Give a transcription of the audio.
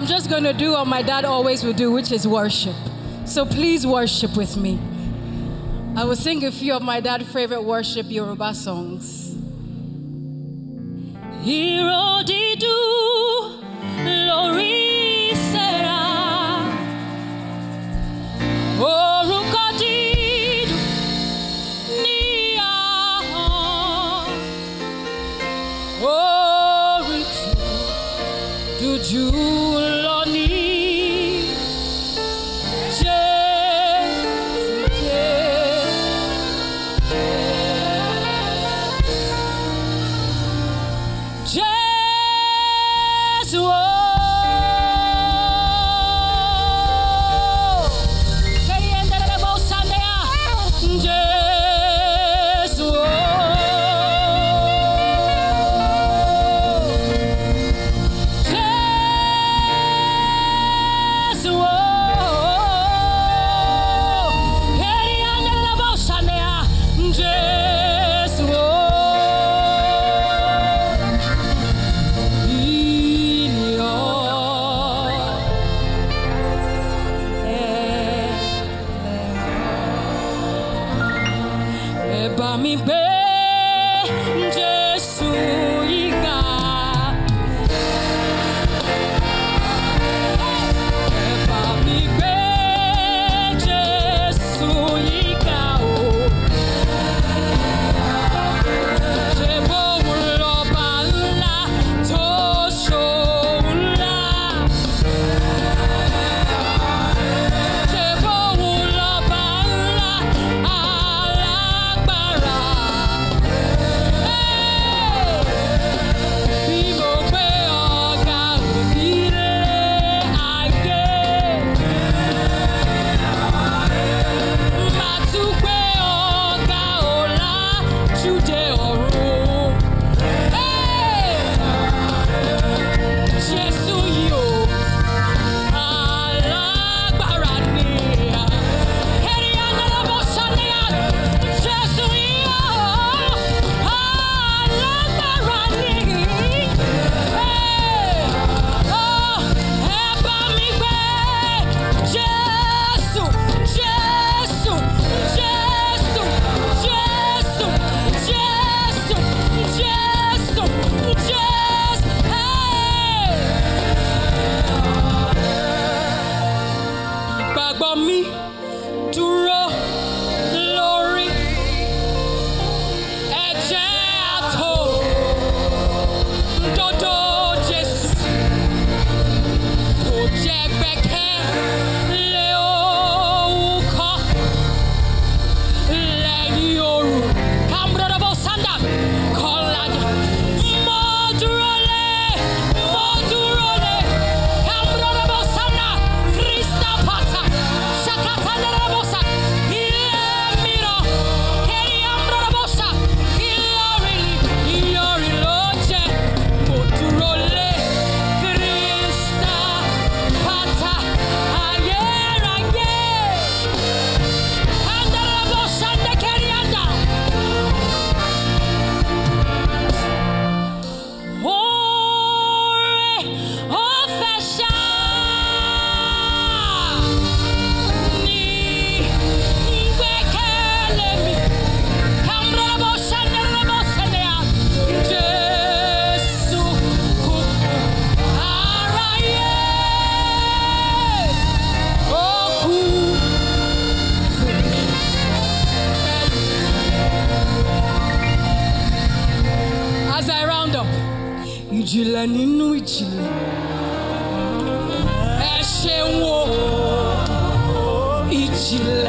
I'm just going to do what my dad always would do, which is worship. So please worship with me. I will sing a few of my dad's favorite worship Yoruba songs. Hero Didu, Lori. just one. me, baby. ìgbàgbọ́ mi dúró. ìjìnlẹ̀ nínú ìjìnlẹ̀ ẹ ṣeun o ìjìnlẹ̀.